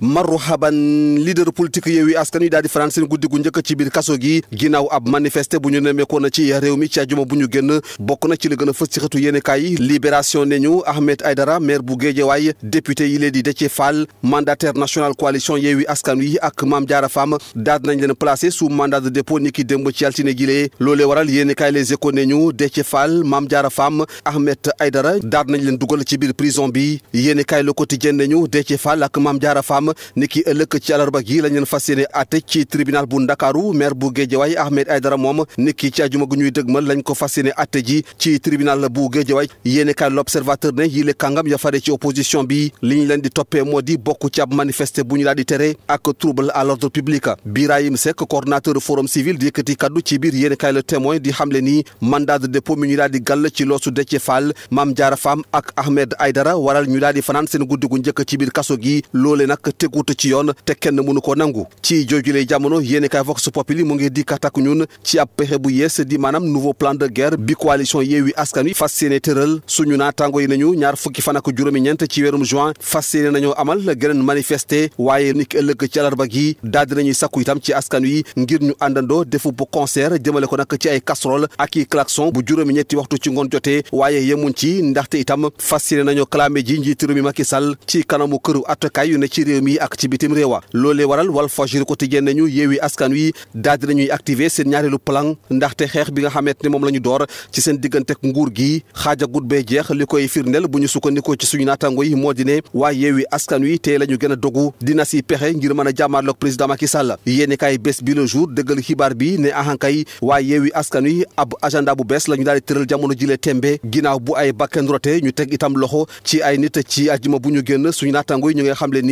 marhaban leader politique Yewwi Askan Wi daal di fanaan seen guddi gu njëkk ci biir kaso gi ginnaaw ab manifeste bu ñu nemmeekoo na ci réew mi ci àjjuma bu ñu génn na ci li gën a fës ci xëtu yéenekaay yi libération ne ñu Ahmed Aïdara maire bu Guédiawaye député yi leen di Déthié Fall mandataire national coalition Yewwi Askan Wi ak Mame Diarra Fam daal nañ leen placé sous mandat de dépôt ni ki démb ci altine gilee loolee waral yéenekaay Les Échos ne ñu Déthié Fall Mame Diarra Fam Ahmed Aïdara daal leen dugal ci biir prison bi yéenekaay Le Quotidien ne ñu Déthié Fall ak Mame Diarra maanaam ni ki ëllëg ci àllarba gi lañ leen fas yéene ci tribunal bu Ndakaaru maire bu Géejawaay Ahmed Aidara moom ni ki ci àjjuma gu ñuy dëgmal lañ ko fas yéene àtte ji ci tribunal bu Géejawaay yéene kaay l'observateur ne yile kàngam ya fare ci opposition bi li ñu leen di toppee moo di bokk ci ab manifeste bu ñu daal di tere ak trouble à l'ordre public Birahim Seck coordonnateur forum civil di yëkkati kaddu ci biir yéene kaay le témoin di xamle ni mandat de dépôt mi ñu daal di gàll ci loosu Déthié Fall Mame Diarra Fam ak Ahmed Aidara ñu daal di fanaan seen guddi njëkk ci biir kaso gi loole nag teguut ci yoon te kenn mënu ko nangu ci joojuley jamono yéeni kaay vox populi mu ngi di katak ñun ci ab pexe bu yees di maanaam nouveau plan de guerre bi coalition Yewwi Askan Wi fas yéene tëral suñu yi nañu ñaar fukki fanak ak juróomi ñeent ci weerum juin fas yéene nañoo amal geneen manifester waaye nit ki ëllëg ci alarba gi daal dinañuy sakku itam ci askan wi ngir ñu àndandoo defu bu concert jëmale ko nag ci ay casserole ak i klaxon bu juróomi ñetti waxtu ci ngoon jotee waaye yemuñ ci ndaxte itam fas yéene nañoo clamé ji njiitu réew mi Macky Sall ci kanamu këru attakaay yu ne ci réew mi ak ci bitim réewa loolee waral Walf Fadjri Quotidien nañu Yewwi Askan Wi daal di nañuy activer seen ñaareelu plan ndaxte xeex bi nga xamante ne moom la ñu door ci seen diggante ak nguur gi xaajagut bee jeex li koy firndeel bu ñu sukkandikoo ci suñu naataango yi moo di ne waa Yewwi Askan Wi te la ñu gën a dogu dina si pexe ngir mën a jàmmaarloog président Macky Sall yéeni kaay bés bi le jour dëggal xibaar bi ne ahankay waa Yewwi Askan Wi ab agenda bu bees la ñu daal di tëral jamono jile tembe ginnaaw bu ay bakken rote ñu teg itam loxo ci ay nit ci ajuma bu ñu génn suñu naataango yi ñu nga xam le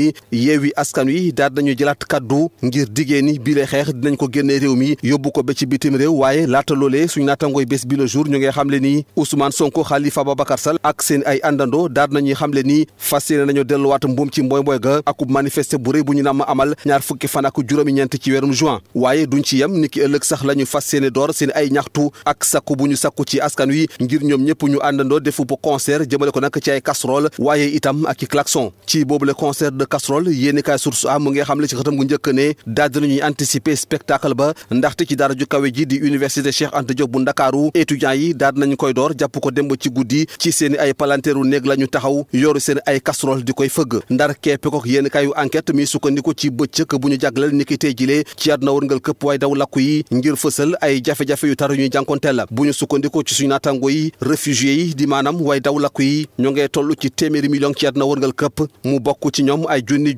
yeewi askan wi daal nañu jëlaat kaddu ngir diggée ni bii lay xeex dinañ ko génnee réew mi yóbbu ko ba ci bitim réew waaye laata loolee suñu naatangooy bés bi le jour ñu ngi xamle ni Ousmane Sonko Khalifa Ababacar Sall ak seen ay àndandoo daal nañuy xamle ni fas yéene nañoo delluwaat mbuum ci mboy mboy ga akub manifester bu rëy bu ñu namm amal ñaar fukki fan ak juróomi ñeent ci weerum juin waaye duñ ci yem ni ki ëllëg sax la ñu fas yéene door seen ay ñaxtu ak sakku bu ñu sakku ci askan wi ngir ñoom ñëpp ñu àndandoo defu bu concert jëmale ko nag ci ay waaye itam ak i ci boobu le concert de casserole yéenekaay Source A mu ngi xam le ci xëtam gu njëkk ne daal dinañuy anticiper spectacle ba ndaxte ci daara ju kawe ji di université Cheikh Anta Diop bu Ndakaaru étudiants yi daal dinañu koy door jàpp ko démb i ay palanteeru néeg la ñu taxaw yoru seen ay casserole di koy fëgg ndar keppe ko yéenikaayu enquête mi sukkandiku ci bëccëk bu ñu jagleel ni ki tey jilee ci àdduna wërngal këpp waaye daw lakku yi ngir fësal ay jafe-jafe yu tar ñuy jànkonte la bu ñu sukkandiku ci suñu naatango yi réfugié yi di maanaam waaye daw lakku yi ñoo ngay toll ci téeméeri million ci àdduna wërngal këpp mu bokk ci ñoom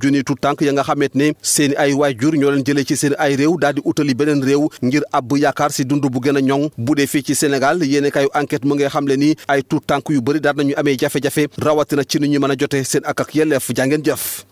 junniy tu tànk ya nga xamante ne seen ay waajur ñoo leen jëlee ci seen ay réew daal di utali beneen réew ngir àbb yaakaar si dund bu gën a ñoŋ bu dee fii ci Sénégal yéene kay enquête mu ngay xam le ni ay tu tànk yu bëri daal nañu amee jafe-jafe rawatina ci ni ñu mën a jote seen ak ak yelleef jàngeen jëf